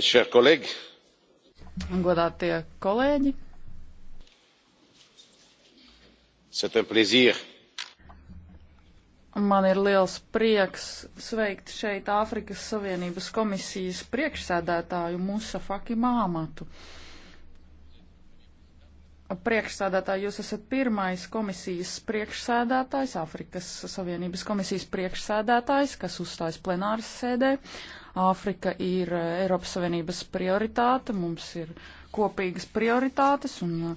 Šie eh, kolēģi. Godātie kolēģi. C'est un plaisir. Man ir liels prieks sveikt šeit Āfrikas Savienības komisijas priekšsēdētāju Musa Faki Māmatu. Priekšsēdētāji, jūs esat pirmais komisijas priekšsēdētājs, Āfrikas Savienības komisijas priekšsēdētājs, kas uzstājas plenāras sēdē. Āfrika ir eh, Eiropas Savienības prioritāte, mums ir kopīgas prioritātes un eh,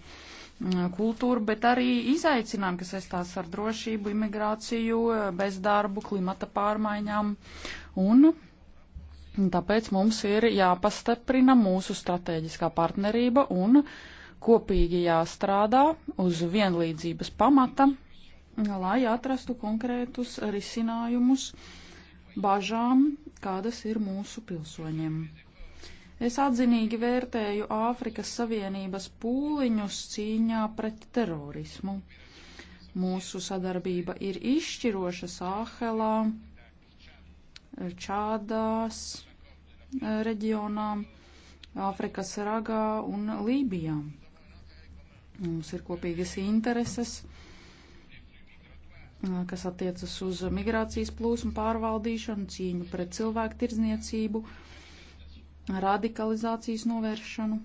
mm, kultūra, bet arī izaicinājumi, kas saistās ar drošību, imigrāciju, bezdarbu, klimata pārmaiņām. Un tāpēc mums ir jāpastaprina mūsu strateģiskā partnerība un kopīgi jāstrādā uz vienlīdzības pamata, lai atrastu konkrētus risinājumus. Uh, bažām, kādas ir mūsu pilsoņiem. Es atzinīgi vērtēju Āfrikas Savienības pūliņus cīņā pret terorismu. Mūsu sadarbība ir izšķiroša Sāhelā, Čādās eh, reģionā, Āfrikas ragā un Lībijā. Mums ir kopīgas intereses kas attiecas uz migrācijas plūsmu pārvaldīšanu, cīņu pret cilvēku tirdzniecību, radikalizācijas novēršanu.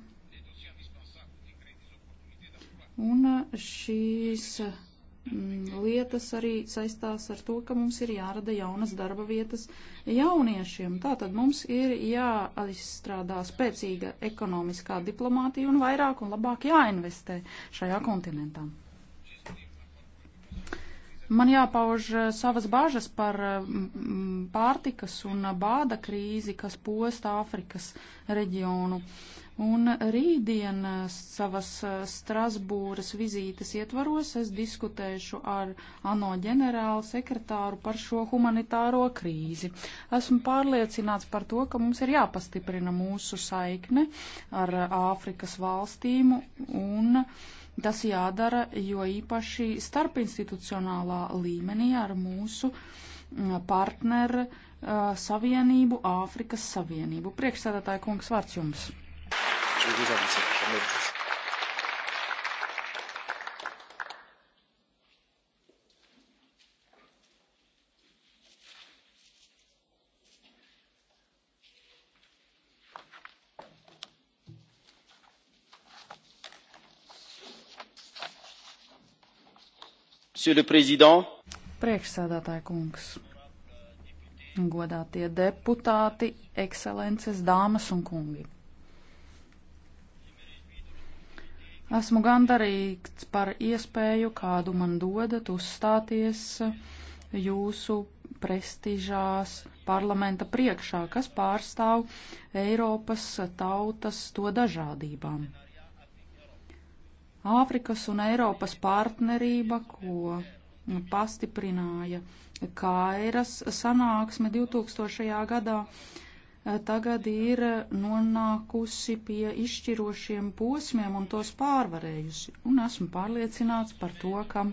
Un eh, šīs mm, lietas arī saistās ar to, ka mums ir jārada jaunas darba vietas jauniešiem. Tātad mums ir jāizstrādā spēcīga ekonomiskā diplomātija un vairāk un labāk jāinvestē šajā kontinentā. Man jāpauž eh, savas bāžas par eh, pārtikas un eh, bāda krīzi, kas posta Āfrikas reģionu. Un rītdien savas Strasbūras vizītes ietvaros es diskutēšu ar ANO ģenerālu sekretāru par šo humanitāro krīzi. Esmu pārliecināts par to, ka mums ir jāpastiprina mūsu saikne ar Āfrikas valstīm un uh, Tas jādara, jo īpaši starpinstitucionālā līmenī ar mūsu mm, partneru Savienību, Āfrikas Savienību. Priekšsēdētāja kungs, vārds jums! Čau, Priekšsēdētāja kungs, godātie deputāti, ekscelences, dāmas un kungi. Esmu gandarīts par iespēju, kādu man dodat uzstāties jūsu prestižās parlamenta priekšā, kas pārstāv Eiropas tautas to dažādībām. Āfrikas un Eiropas partnerība, ko pastiprināja Kairas sanāksme 2000. gadā, eh, tagad ir nonākusi pie izšķirošiem posmiem un tos pārvarējusi. Un esmu pārliecināts par to, ka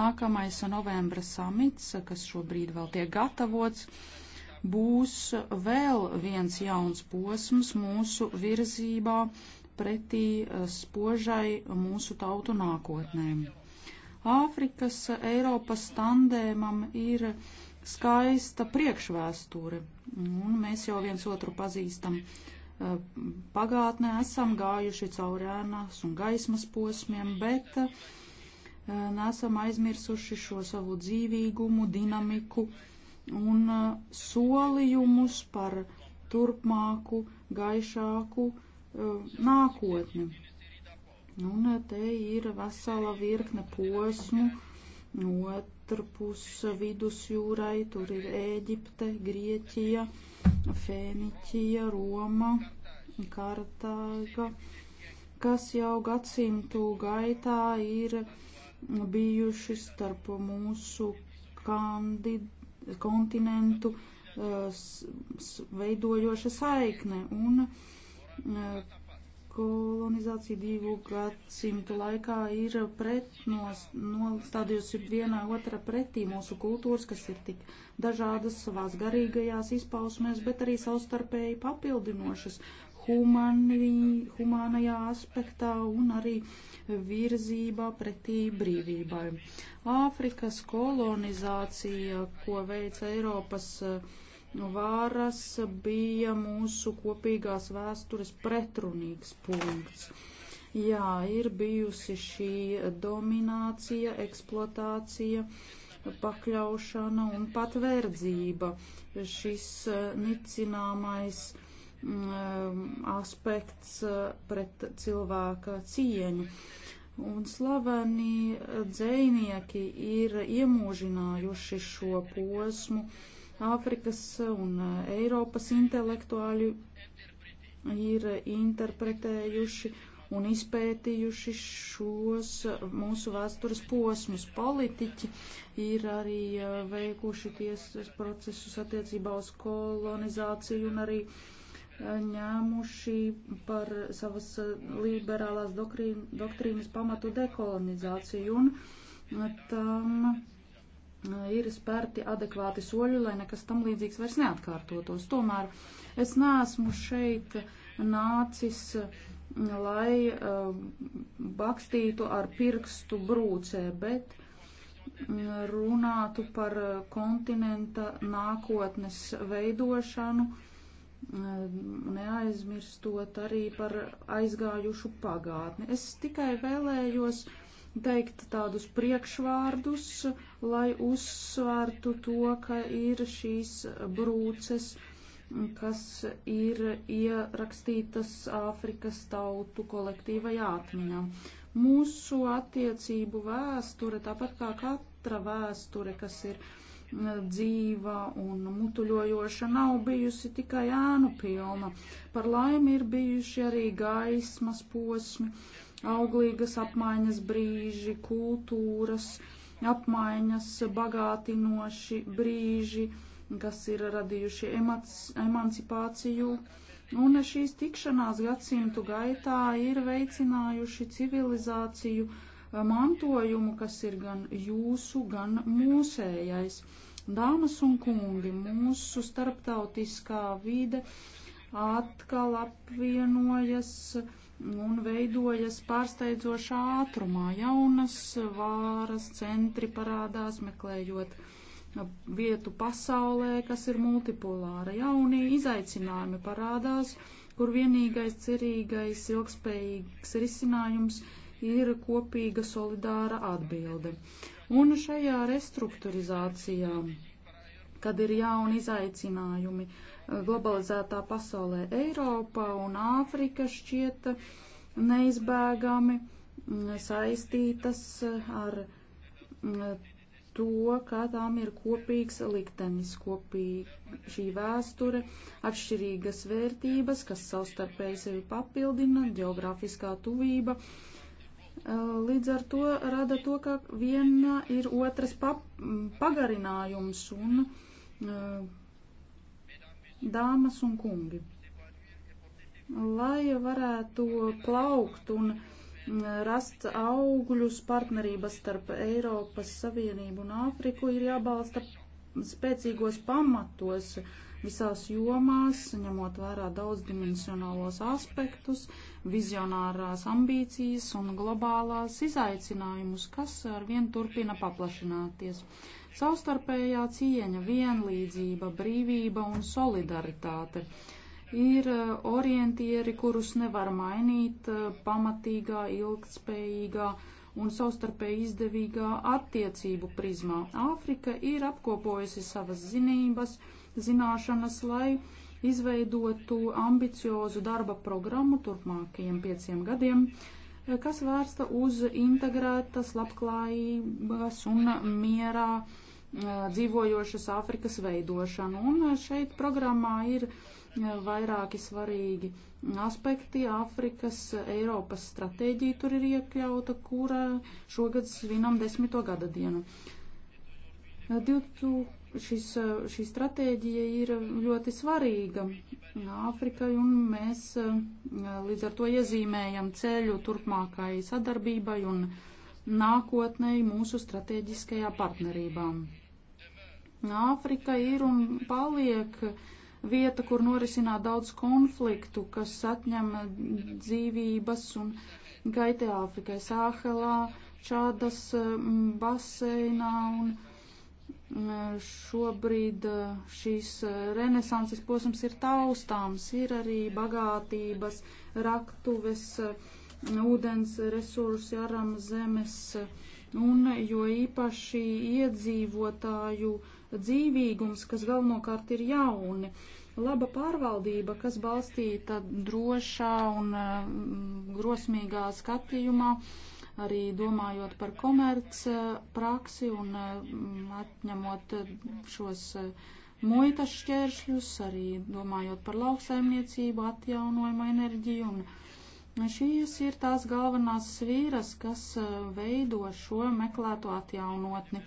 nākamais novembra samits, kas šobrīd vēl tiek gatavots, būs vēl viens jauns posms mūsu virzībā pretī eh, spožai mūsu tautu nākotnēm. Āfrikas eh, Eiropas tandēmam ir skaista priekšvēsture, un mēs jau viens otru pazīstam. Eh, pagātnē esam gājuši cauri ēnas un gaismas posmiem, bet nesam aizmirsuši šo savu dzīvīgumu, dinamiku un solījumus par turpmāku, gaišāku, uh, Uh, nākotni. Un uh, te ir vesela virkne posmu, otrpus vidusjūrai, tur ir Ēģipte, Grieķija, Fēniķija, Roma, Kartāga, kas jau gadsimtu gaitā ir bijuši starp mūsu kandid, kontinentu uh, veidojoša saikne. Un, uh, kolonizācija divu gadsimtu laikā ir pret, nos, nostādījusi viena otra pretī mūsu kultūras, kas ir tik dažādas savās garīgajās izpausmēs, bet arī savstarpēji papildinošas humani, humānajā aspektā un arī virzībā pretī brīvībai. Āfrikas kolonizācija, ko veica Eiropas uh, varas bija mūsu kopīgās vēstures pretrunīgs punkts. Jā, ir bijusi šī dominācija, eksploatācija, pakļaušana un pat verdzība. Šis eh, nicināmais um, aspekts eh, pret cilvēka cieņu. Un slaveni dzēnieki ir iemūžinājuši šo posmu Āfrikas un e, Eiropas intelektuāļi ir interpretējuši un izpētījuši šos mūsu vēstures posmus. Politiķi ir arī e, veikuši tiesas procesus attiecībā uz kolonizāciju un arī e, ņēmuši par savas liberālās doktrīnas pamatu dekolonizāciju. Un tam ir spērti adekvāti soļi, lai nekas tam līdzīgs vairs neatkārtotos. Tomēr es neesmu šeit nācis, lai bakstītu ar pirkstu brūcē, bet runātu par kontinenta nākotnes veidošanu, neaizmirstot arī par aizgājušu pagātni. Es tikai vēlējos uh, teikt tādus priekšvārdus, lai uzsvērtu to, ka ir šīs brūces, kas ir ierakstītas Āfrikas tautu kolektīvajā atmiņā. Mūsu attiecību vēsture, tāpat kā katra vēsture, kas ir dzīva un mutuļojoša nav bijusi tikai ēnu pilna. Par laimi ir bijuši arī gaismas posmi, auglīgas apmaiņas brīži, kultūras apmaiņas bagātinoši brīži, kas ir radījuši emac, emancipāciju. Un šīs tikšanās gadsimtu gaitā ir veicinājuši civilizāciju, uh, mantojumu, kas ir gan jūsu, gan mūsējais. Dāmas un kungi, mūsu starptautiskā vide atkal apvienojas un veidojas pārsteidzošā ātrumā. Jaunas vāras centri parādās, meklējot vietu pasaulē, kas ir multipolāra. Jaunie izaicinājumi parādās, kur vienīgais cerīgais ilgspējīgs risinājums ir ir kopīga solidāra atbilde. Un šajā restruktūrizācijā, kad ir jauni izaicinājumi eh, globalizētā pasaulē, Eiropa un Āfrika šķiet neizbēgami mm, saistītas eh, ar mm, to, kā tām ir kopīgs liktenis, kopīga šī vēsture, atšķirīgas vērtības, kas savstarpēji sevi papildina, geogrāfiskā tuvība, uh, Eh, līdz ar to rada to, ka viena ir otras pa, pagarinājums un eh, dāmas un kungi. Lai varētu plaukt un eh, rast augļus partnerības starp Eiropas Savienību un Āfriku, ir jābalsta spēcīgos pamatos visās jomās, ņemot vērā daudzdimensionālos aspektus. Uh, vizionārās ambīcijas un globālās izaicinājumus, kas arvien turpina paplašināties. Savstarpējā cieņa, vienlīdzība, brīvība un solidaritāte ir uh, orientieri, kurus nevar mainīt uh, pamatīgā, ilgtspējīgā un savstarpēji izdevīgā attiecību prizmā. Āfrika ir apkopojusi savas zinības, zināšanas, lai izveidotu ambiciozu darba programmu turpmākajiem pieciem gadiem, eh, kas vērsta uz integrētas labklājības un mierā eh, dzīvojošas Āfrikas veidošanu. Un eh, šeit programmā ir vairāki svarīgi aspekti. Āfrikas Eiropas stratēģija tur ir iekļauta, kura šogad svinam desmito gada dienu. 2000 šis, šī stratēģija ir ļoti svarīga Āfrikai, un mēs eh, līdz ar to iezīmējam ceļu turpmākai sadarbībai un nākotnēji mūsu strateģiskajā partnerībā. Āfrika ir un paliek vieta, kur norisināt daudz konfliktu, kas atņem dzīvības un kaitē Āfrikai Sāhelā, Čādas mm, baseinā un Šobrīd eh, šīs eh, renesanses posms ir taustāms, ir arī bagātības, raktuves, eh, ūdens resursi, aram zemes, un jo īpaši iedzīvotāju dzīvīgums, kas galvenokārt ir jauni. Laba pārvaldība, kas balstīta drošā un grosmīgā skatījumā, uh, arī domājot par komerc eh, praksi un eh, atņemot eh, šos muitas šķēršļus, arī domājot par lauksaimniecību, atjaunojumu enerģiju. Un šīs ir tās galvenās svīras, kas veido šo meklēto atjaunotni.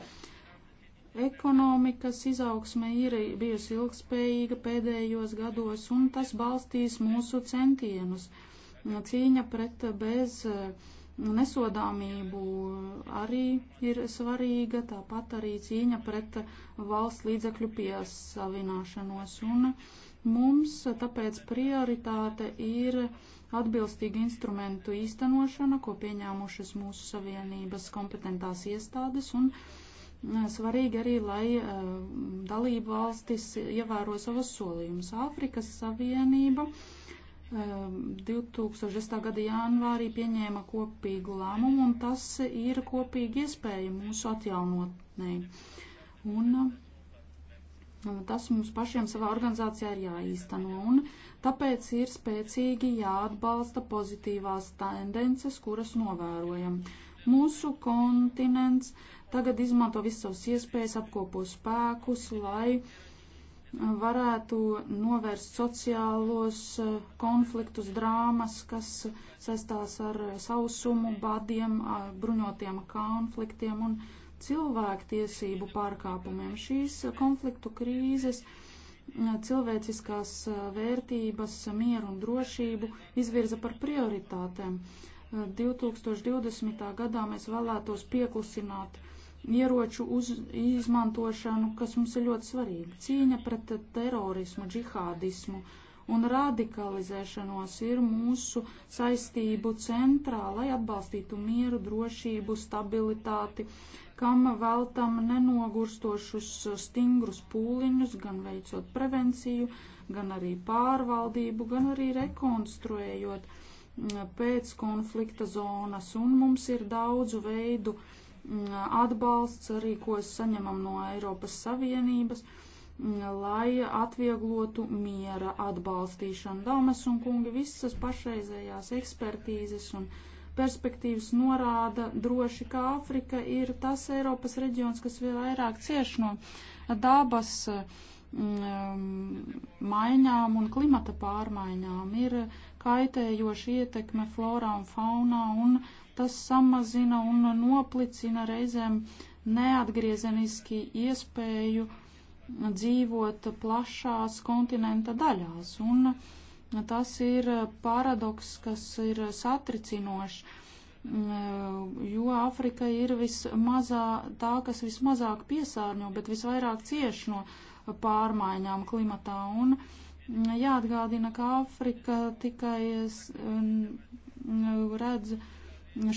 Ekonomikas izaugsme ir bijusi ilgspējīga pēdējos gados, un tas balstīs mūsu centienus. Cīņa pret bez uh, Nesodāmību arī ir svarīga, tāpat arī cīņa pret valsts līdzekļu piesavināšanos. Un mums tāpēc prioritāte ir atbilstīga instrumentu īstenošana, ko pieņēmušas mūsu savienības kompetentās iestādes. Un e, svarīgi arī, lai e, dalību valstis ievēro savas solījumus. Āfrikas Savienība 2006. Ehm, gada janvārī pieņēma kopīgu lēmumu, un tas ir kopīgi iespēja mūsu atjaunotnē. Un ehm, tas mums pašiem savā organizācijā ir jāīsteno, un tāpēc ir spēcīgi jāatbalsta pozitīvās tendences, kuras novērojam. Mūsu kontinents tagad izmanto visas savas iespējas, apkopo spēkus, lai uh, varētu novērst sociālos eh, konfliktus, drāmas, kas saistās ar eh, sausumu, badiem, bruņotiem konfliktiem un cilvēktiesību pārkāpumiem. Šīs konfliktu krīzes cilvēciskās vērtības, mieru un drošību izvirza par prioritātēm. 2020. gadā mēs vēlētos pieklusināt uh, ieroču uz, izmantošanu, kas mums ir ļoti svarīga. Cīņa pret terorismu, džihādismu un radikalizēšanos ir mūsu saistību centrā, lai atbalstītu mieru, drošību, stabilitāti, kam veltam nenogurstošus stingrus pūliņus, gan veicot prevenciju, gan arī pārvaldību, gan arī rekonstruējot mm, pēc konflikta zonas. Un mums ir daudzu veidu atbalsts arī, ko saņemam no Eiropas Savienības, lai atvieglotu miera atbalstīšanu. Daumas un kungi visas pašreizējās ekspertīzes un perspektīvas norāda droši, ka Āfrika ir tas Eiropas reģions, kas vairāk cieš no dabas mm, maiņām un klimata pārmaiņām. Ir kaitējoša ietekme florā un faunā un uh, Tas samazina un noplicina reizēm neatgriezeniski iespēju dzīvot plašās kontinenta daļās. Un tas ir paradoks, kas ir satricinošs, jo Āfrika ir vismazā, tā, kas vismazāk piesārņo, bet visvairāk cieš no pārmaiņām klimatā. Un, jāatgādina, ka Āfrika tikai redz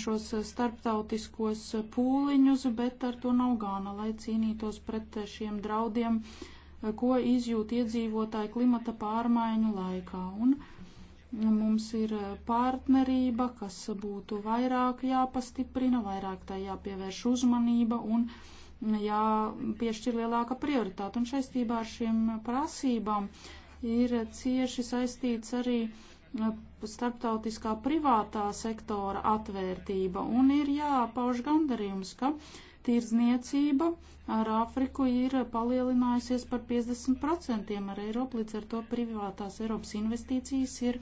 šos starptautiskos pūliņus, bet ar to nav gāna, lai cīnītos pret šiem draudiem, ko izjūt iedzīvotāji klimata pārmaiņu laikā. Un mums ir partnerība, kas būtu vairāk jāpastiprina, vairāk tai jāpievērš uzmanība un jāpiešķir lielāka prioritāte. Un saistībā ar šiem prasībām ir cieši saistīts arī uh, starptautiskā privātā sektora atvērtība un ir jāpauž gandarījums, ka tirdzniecība ar Āfriku ir palielinājusies par 50% ar Eiropu, līdz ar to privātās Eiropas investīcijas ir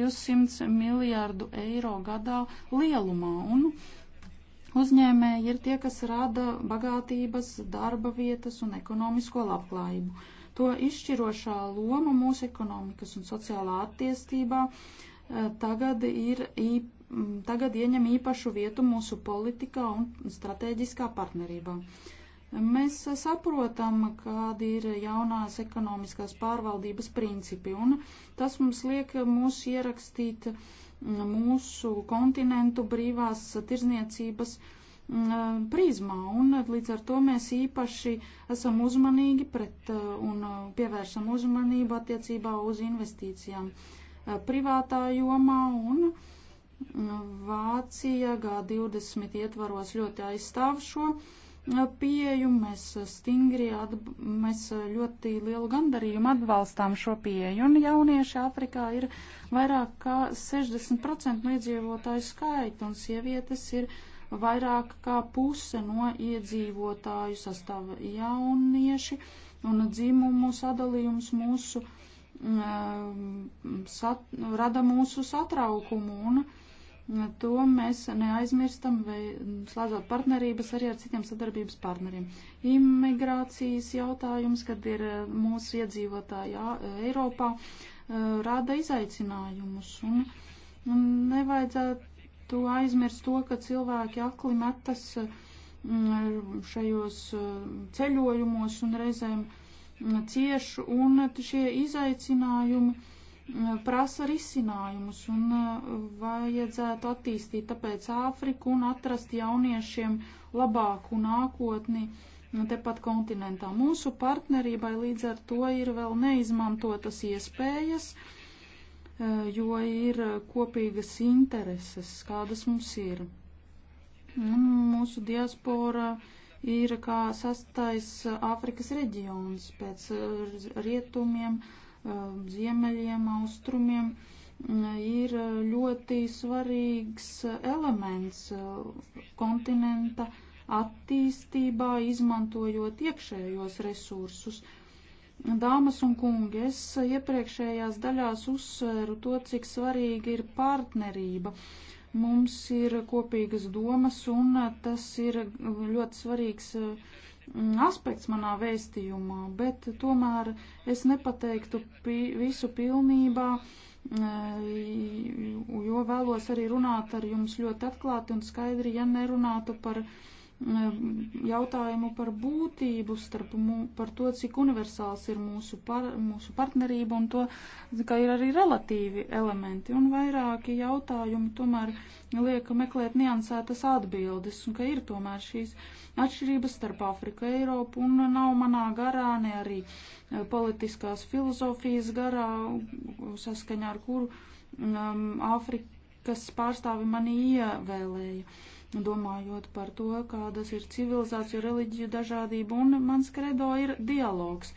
200 miljārdu eiro gadā lielumā. Un uzņēmēji ir tie, kas rada bagātības, darba vietas un ekonomisko labklājību to izšķirošā loma mūsu ekonomikas un sociālā attīstībā eh, tagad ir īpaši. Tagad ieņem īpašu vietu mūsu politikā un strateģiskā partnerībā. Mēs saprotam, kādi ir jaunās ekonomiskās pārvaldības principi, un tas mums liek mūs ierakstīt mūsu kontinentu brīvās tirzniecības uh, Mm, eh, prizmā, un līdz ar to mēs īpaši esam uzmanīgi pret eh, un eh, pievēršam uzmanību attiecībā uz investīcijām privātā jomā, un mm, Vācija G20 ietvaros ļoti aizstāv šo pieju, mēs stingri, atb... mēs ļoti lielu gandarījumu atbalstām šo pieju, un jaunieši Āfrikā ir vairāk kā 60% no iedzīvotāju skaita, un sievietes ir vairāk kā puse no iedzīvotāju sastāv jaunieši, un dzimumu sadalījums mūsu mm, sat, rada mūsu satraukumu, un mm, to mēs neaizmirstam, vai slēdzot partnerības arī ar citiem sadarbības partneriem. Imigrācijas jautājums, kad ir mm, mūsu iedzīvotāji Eiropā, rada izaicinājumus, un nevajadzētu tu aizmirst to, ka cilvēki akli metas mm, šajos uh, ceļojumos un reizēm mm, cieš, un šie izaicinājumi mm, prasa risinājumus un uh, vajadzētu attīstīt tāpēc Āfriku un atrast jauniešiem labāku nākotni tepat kontinentā. Mūsu partnerībai līdz ar to ir vēl neizmantotas iespējas. Uh, Eh, jo ir eh, kopīgas intereses, kādas mums ir. Un mūsu diaspora ir kā sastais eh, Āfrikas reģions pēc rietumiem, ziemeļiem, austrumiem. Mm, ir ļoti svarīgs elements kontinenta attīstībā, izmantojot iekšējos resursus. Uh, Dāmas un kungi, es iepriekšējās daļās uzsvēru to, cik svarīgi ir partnerība. Mums ir kopīgas domas, un tas ir ļoti svarīgs mm, aspekts manā vēstījumā, bet tomēr es nepateiktu pi visu pilnībā, mm, jo vēlos arī runāt ar jums ļoti atklāti un skaidri, ja nerunātu par uh, E, jautājumu par būtību, starp, mū, par to, cik universāls ir mūsu, par, mūsu partnerība un to, ka ir arī relatīvi elementi. Un vairāki jautājumi tomēr lieka meklēt niansētas atbildes un ka ir tomēr šīs atšķirības starp Afriku, Eiropu un nav manā garā, ne arī e, politiskās filozofijas garā, saskaņā ar kuru um, Afrikas pārstāvi mani ievēlēja domājot par to, kādas ir civilizāciju, reliģiju dažādība, un mans kredo ir dialogs,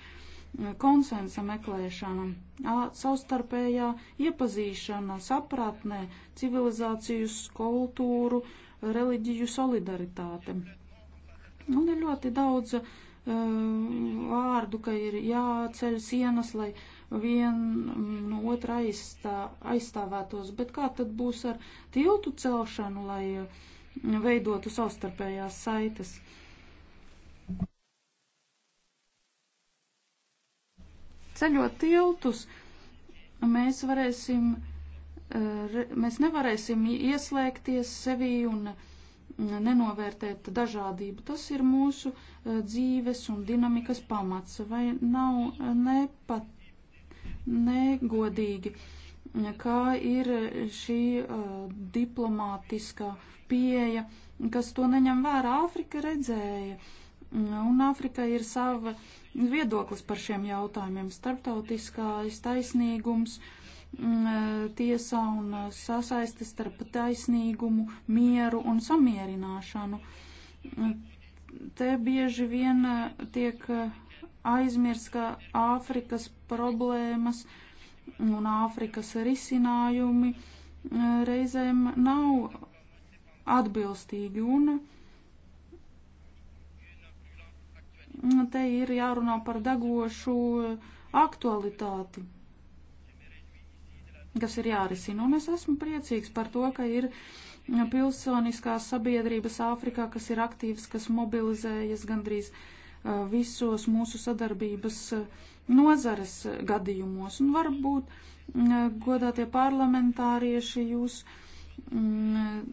konsensa meklēšana, savstarpējā iepazīšana, sapratnē, civilizācijas, kultūru, reliģiju solidaritāte. Un ir ļoti daudz uh, vārdu, ka ir jāceļ sienas, lai viena no otra aizstā, aizstāvētos, bet kā tad būs ar tiltu celšanu, lai uh, veidotu savstarpējās saites. Ceļot tiltus, mēs varēsim, eh, mēs nevarēsim ieslēgties sevī un mm, nenovērtēt dažādību. Tas ir mūsu eh, dzīves un dinamikas pamats, vai nav eh, nepat negodīgi kā ir šī uh, diplomātiskā pieeja, kas to neņem vērā. Āfrika redzēja, un Āfrika ir sava viedoklis par šiem jautājumiem. Starptautiskais taisnīgums mm, uh, tiesā un uh, sasaisti starp taisnīgumu, mieru un samierināšanu. Te bieži vien tiek aizmirst, ka Āfrikas problēmas uh, un Āfrikas risinājumi e, reizēm nav atbilstīgi un te ir jārunā par degošu aktualitāti, kas ir jārisina. Un es esmu priecīgs par to, ka ir pilsoniskās sabiedrības Āfrikā, kas ir aktīvas, kas mobilizējas gandrīz uh, visos mūsu sadarbības nozares gadījumos. Un varbūt, godātie parlamentārieši, jūs mm,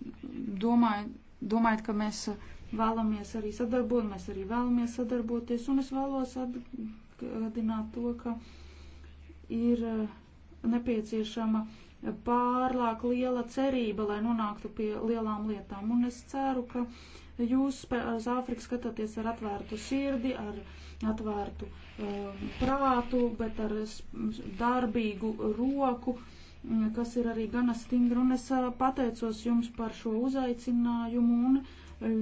domājat, domājat, ka mēs vēlamies arī sadarboties, mēs arī vēlamies sadarboties, un es vēlos atgādināt to, ka ir nepieciešama uh, pārlāk liela cerība, lai nonāktu pie lielām lietām. Un es ceru, ka jūs uz Āfriku skatāties ar atvērtu sirdi, ar atvērtu um, prātu, bet ar darbīgu roku, mm, kas ir arī gana stingra. Un es pateicos jums par šo uzaicinājumu un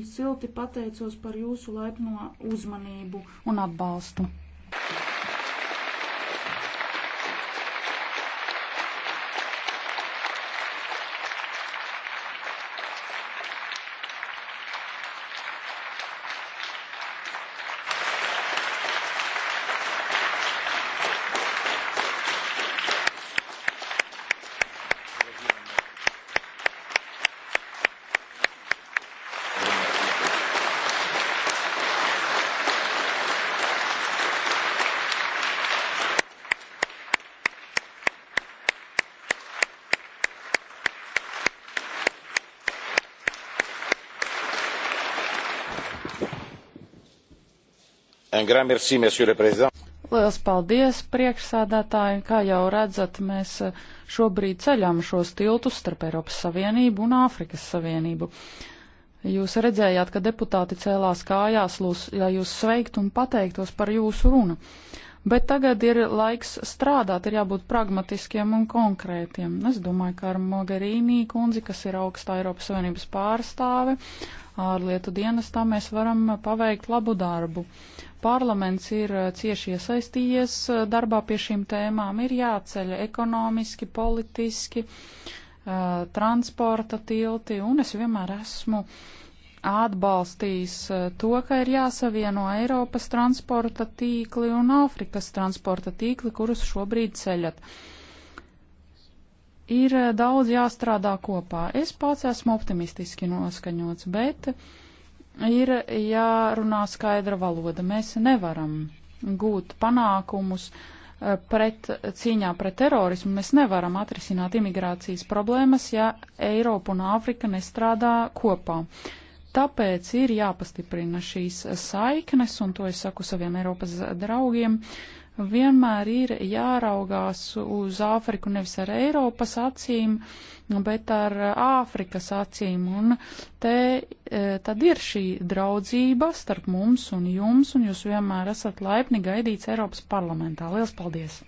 silti pateicos par jūsu laipno uzmanību un atbalstu. Thank you. Lielas paldies, priekšsēdētāji! Kā jau redzat, mēs eh, šobrīd ceļām šos tiltus starp Eiropas Savienību un Āfrikas Savienību. Jūs redzējāt, ka deputāti cēlās kājās, lūs, lai jūs sveiktu un pateiktos par jūsu runu. Uh, Bet tagad ir laiks strādāt, ir jābūt pragmatiskiem un konkrētiem. Es domāju, ka ar Mogherīnī kundzi, kas ir augstā Eiropas Savienības pārstāve, ārlietu dienestā mēs varam paveikt labu darbu. Parlaments ir cieši iesaistījies darbā pie šīm tēmām, ir jāceļ ekonomiski, politiski, eh, transporta tilti, un es vienmēr esmu uh, atbalstīs eh, to, ka ir jāsavieno Eiropas transporta tīkli un Āfrikas transporta tīkli, kurus šobrīd ceļat. Ir eh, daudz jāstrādā kopā. Es pats esmu optimistiski noskaņots, bet ir jārunā skaidra valoda. Mēs nevaram gūt panākumus eh, pret cīņā pret terorismu. Mēs nevaram atrisināt imigrācijas problēmas, ja Eiropa un Āfrika nestrādā kopā. Uh, Tāpēc ir jāpastiprina šīs saiknes, un to es saku saviem Eiropas draugiem. Vienmēr ir jāraugās uz Āfriku nevis ar Eiropas acīm, bet ar Āfrikas acīm. Un te e, tad ir šī draudzība starp mums un jums, un jūs vienmēr esat laipni gaidīts Eiropas parlamentā. Lielas paldies!